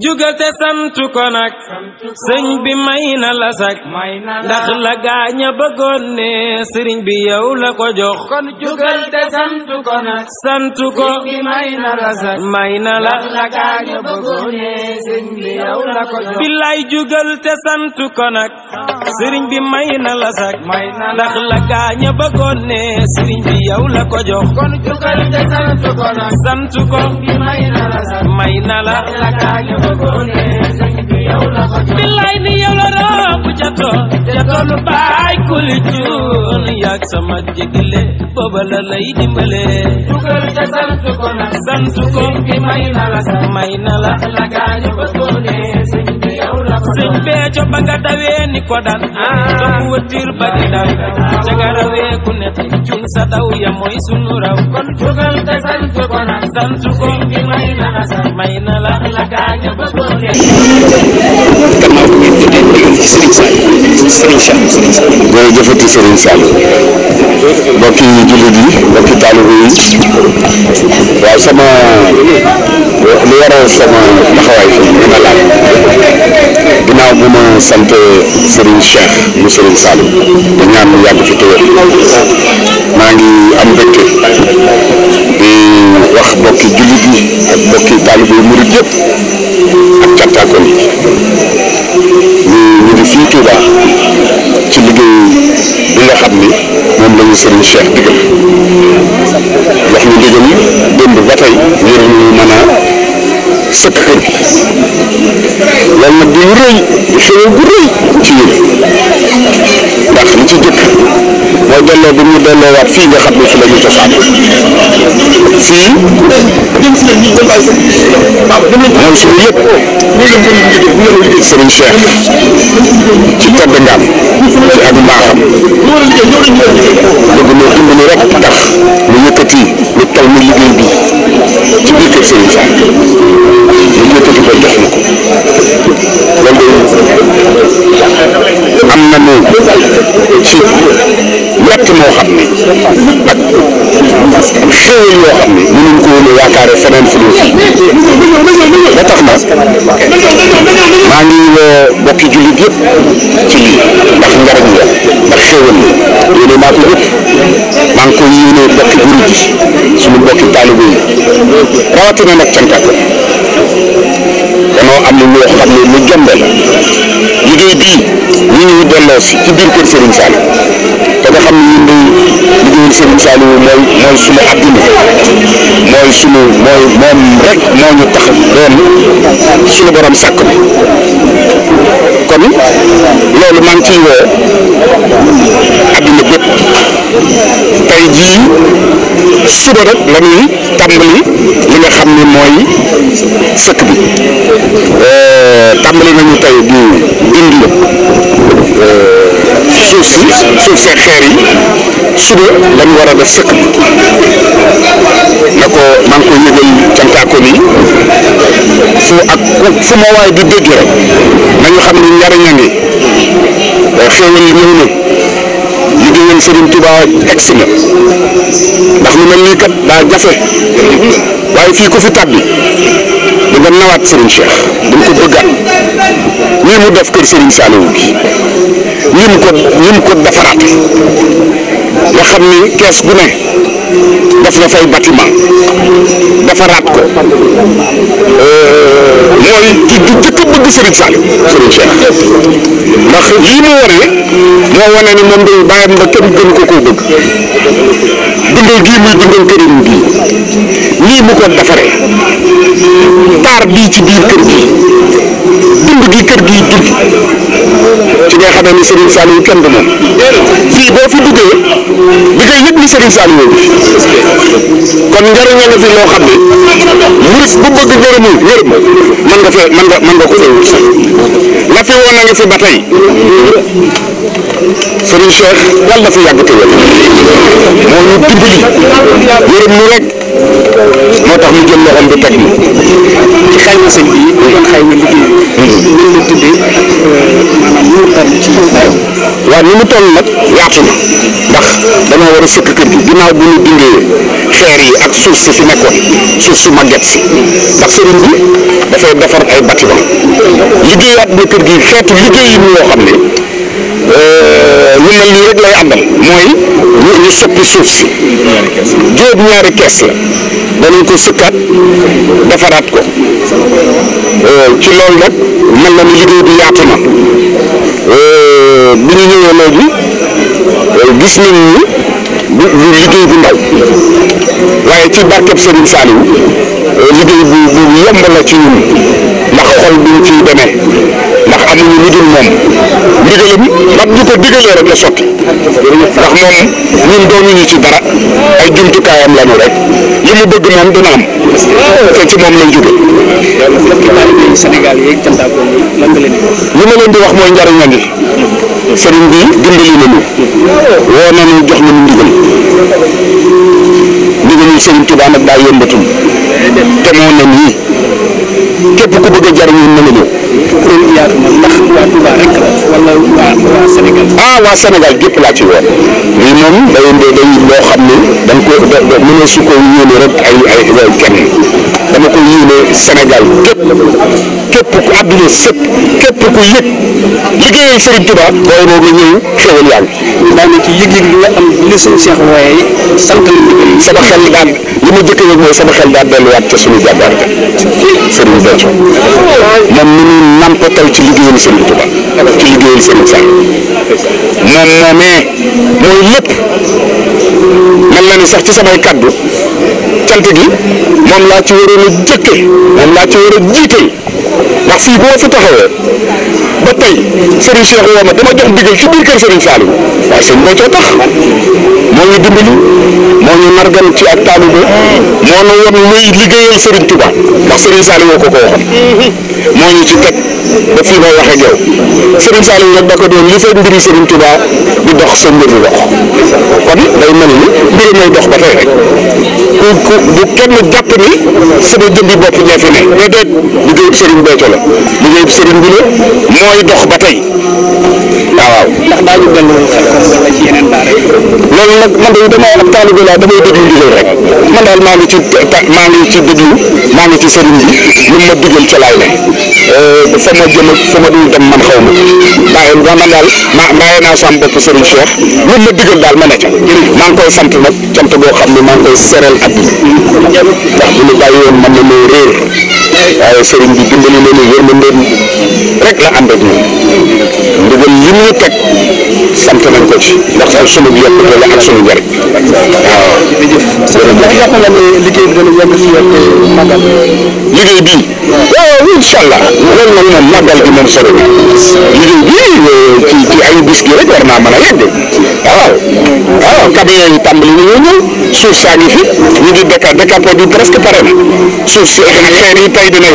jugal te sant ko nag sëñ bi may na la sak ndax la gaaña bëggoon ne sëriñ bi yow la ko jox kon jugal te ko nag sant ko may na la sak may na bëggoon ne sëriñ bi yow la ko jox billaay jugal te ko nag sëriñ bi may na la sag ndax la gaaña bëggoon ne sëriñ bi yow la ko jox kon jugal te sant ko nag sant ko may na la sag may na la la gaaña bëggoon ne sëriñ bi yow la ko jox billaay ni yow la rob jato jato lu baay kuli cuun yaag sama jégile booba la lay dimbale jugal te sant ko nag sant ko may na la sag may na la la gaaña bëggoon ne sëñ Béthio ba nga dawee ni ko daan topp ku ne cun sa boo leen gannaaw bi ngeen jotee ndigal ci Serigne li waral sama taxawaay fii li ma laaj ginnaaw bu ma sant Serigne Cheikh mu Serigne Saliou di yàgg fi téwér maa ngi am mbégte di wax bokki jullit yi ak bokki taalibe yi yëpp ak càttaakoon yi ñu ngi fii Touba ci liggéey bi nga moom la ñu Serigne Cheikh digal wax ñu digal démb ba tey ngir ñu mën صدقين لما الدوري شنو الدوري كتير داخل تجيك ودلو بمدلو في اللي خبوا في اللي تصعد في هوسو يب سرين شيخ تتبع دام ci ak mbaaxam bëgg moo dimbali rek tax lu yëkkati lu tol ni liggéey bi ci biir kër Serigne Sall yëkkati ko ma am na moom ci ñett moo xam ne ak xéwal yoo xam ne mënuñ ko woon a yaakaare feneen fu dul fii ba tax na maa ngi woo bokki jullit yëpp ci lii ndax njariñ la ndax xéwal la yéene naa ko yëpp maa ngi koy yéene bokki jullit yi bokki taalibe yi rawatina nag danoo am lu xam ne lu jombe la liggéey bii ñu ñuy delloo ci biir kër Serigne Saliou te nga xam ne ñun liggéeyul Serigne Saliou mooy mooy sunu adduna mooy sunu mooy moom rek moo ñu tax doon sunu borom sàkk bi kon loolu maa ngi ciy woo adduna bépp tey jii. suba rek la ñuy li nga xam ni mooy sëkk bi euh, tàmbali nañu tey di dindi euh, suuf si suuf see xeer yi suba la war a def sëkk bi na ko maa ngi koy yëgal cantaakon yi fu ak fu ma waay di dégg rek nañu xam ni njariñ a ngi euh, xéewal yi ñëw na liggéeyam Serigne Touba egsi ndax lu mel nii kat daa jafe waaye fii ko fi tàbbi da nga nawaat Serigne Cheikh dañ ko bëggaat nii mu def kër Serigne Saliou bi nii ko nii ko defaraat nga xam ni kees bu ne def na fay bâtiment defaraat ko mooy ki jëkk a bëgg Serigne Saliou Serigne Cheikh ndax lii mu wane moo wane ni moom day bàyyam ba kenn gën ko koo bëgg. dundal gii a dundal këram bi lii mu ko defaree taar bii ci biir kër gi dund gi kër gi dund nga xamee ni Serigne Saliou kenn du moom fii boo fi duggee di nga yëg ni Serigne Saliou kon njëriñ la loo xam ne murit bu bëgg ngërëmul ngërëm mën nga fee mën nga mën nga ko fee wut la fi woon a ngi fi ba tey Serigne Cheikh yàlla fi yàgg te wér moo ñu dimbali ngërëm ñu rek. moo tax mu jël loxoom bi teg ma. ci xayma sëñ bi. mu doon xayma liggéey. Mm-hmm. Euh, waaw ni mu toll nag yaatu na ndax damaa war a sëkk kër gi ginnaaw bu ñu dindee xeer yi ak suuf si fi nekkoon suuf su màgget si ndax sëriñ bi dafay defar ay bâtiment liggéeyaat na kër gi xeetu liggéey yi yoo xam ne. lu euh, mel nii rek lay àndal mooy ñu soppi suuf si jóob ñaari kees la danañ ko sukkaat defaraat ko euh, ci loolu nag mën na ni liggéey bi yaatu na euh, bi ñu ñëwee léegi euh, gis ñu ni bu liggéey bu ndaw waaye ci barkeb Serigne Saliou liggéey bu bu yomb la ci ñun ndax xol bi ñu demee ndax amuñu lu moom. ndigalam ndax ñu ko digalee rek la sotti ndax moom ñun doonuñu ci dara ay jumtukaayam lañu rek li mu bëgg moom dina am te ci moom lay jóge li ma leen di wax mooy njariñam yi sëriñ bi dimbali nañu woo nañu jox nañu ndigal ndigalul sëriñ Tuubaa nag daa yombatul te moo ne nii képp ku bëgg a jariñu na la ñëw wala waa Sénégal. ah waa Sénégal gépp laa ci woon lii moom day day loo xam ne da nga ko da mënoo su ko ñëwee rek ay ay ay kenn. dama koy yéene Sénégal képp képp ku àdduna sëpp képp ku yëg liggéeyal Serigne Touba waaye boo nga ñëw xéwal yaa ngi daa ci yëg-yëg li nga am ma jëkk sama xel daal delluwaat ca suñu jàmbaar ga Serigne Béthio moom ci liggéeyal Serigne Touba ci liggéeyal Serigne Sall moomee mooy lépp man la ne sax ci samay kàddu cant gi moom laa ci waroon a jëkke moom laa ci war a jiital ndax fii boo fi taxawee ba tey Serigne Cheikh woo ma dama jox ndigal ci biir kër Serigne Saliou waaye sëñ boo coo tax moo ñu dimbali moo ñu nargan ci ak taalibe moo ñu won luy liggéeyal Serigne Touba ndax Serigne Saliou ko ko waxoon moo ñu ci teg ba fii may wax ak yow Serigne Saliou nag da ko doon li fay mbiri Serigne Touba di dox sa mbir di dox kon day mel ni mbiri may dox ba tey rek bu kenn jàpp bi la mooy dox ba tey waaw ndax daañu dellu xel wala ci yeneen daara laa damay déglu man daal maa ci maa ngi ci déglu maa ngi ci sëriñ bi lu ma digal ci laay Euh, fa ma jëm ak fa ma dul dem man xaw ma bàyyi ma man naa sama bopp Serigne Cheikh lu ma digal daal ma ne ca maa koy sant nag cant boo xam ne maa ngi koy sereel at bi ndax bu ñu bàyyi woon man nañoo réer waaye Serigne bi dimbali leen yërmande rek teg sant nañ ko ci ndax ak sunu yokkute la ak sunu njëriñ liggéey bii. loolu incha allah loolu nag moom màggal gi moom solo bi liggéey bi ci ci ay bis gi rek war naa mën a yegg waaw waaw camion yi tàmbali ñu ñëw suuf saa ngi fi ñu ngi déca di ko sëkk jàpp naa ni fii fii ñaari fan jëm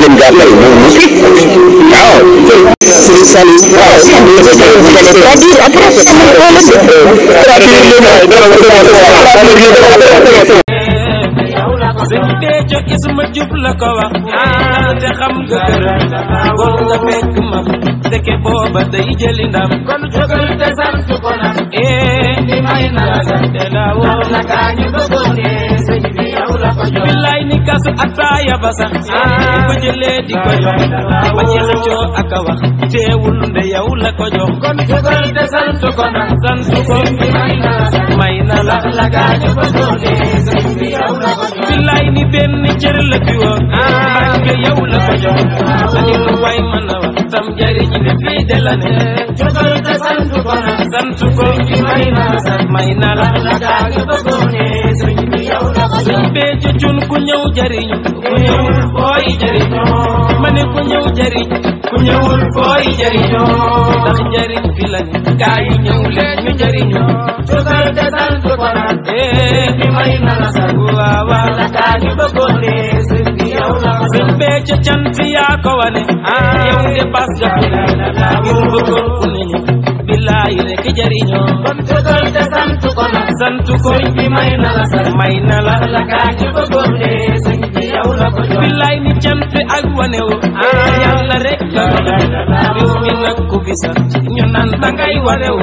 gàttal moom mu fi waaw Serigne Saliou sëñ Béthio Isma Diouf la ko wax ah te xam nga gërëm kon nga fekk ma ndeke booba day jëli ndam kon jógal te sant ko nag eh di may na la sant daawoo na kaa ñu bëggoon eh sëñ bi yow la ko jox billaay ni kasu ataaya ba sax ah ko jëlee di ko jox ba ci xëccoo ak a wax teewul nde yow la ko jox kon jógal te sant ko nag sant ko ndax la gaañu ba doole sëñ bi yow la ko jox billaay ni benn cër la fi woon bañ nga yow la ko jox ani lu waay mën a wax tam jariñ bi fii de la ne jogal te sant ko na sant ko ki may na sant may na la la gaañu ba doole sëñ bi yow la ko jox sëñ bee ci cun ku ñëw jariñ ku ñëwul fooy jariñ ma ne ku ñëw jariñ ku ñëwul fooy jëriñoo ndax njëriñ fi la ne gaa yi ñëw leen ñu jëriñoo jogal desal du ko naan ee bi may na la sax waaw waaw la gaa ñu bëggoon ne sëñ bi yow la sëñ bee ca cant yaa ko wane ah yow de bas nga fi ñu bëggoon ku ne ñu billaay rek jëriñoo kon jogal te sant ko naan sant ko sëñ bi may na la sax may na la la gaa ñu bëggoon ne sëñ yow la ko jox billaay ni cant ak wanewu yàlla rek la ko jox réew mi nag ku fi sant ñu naan da ngay wanewu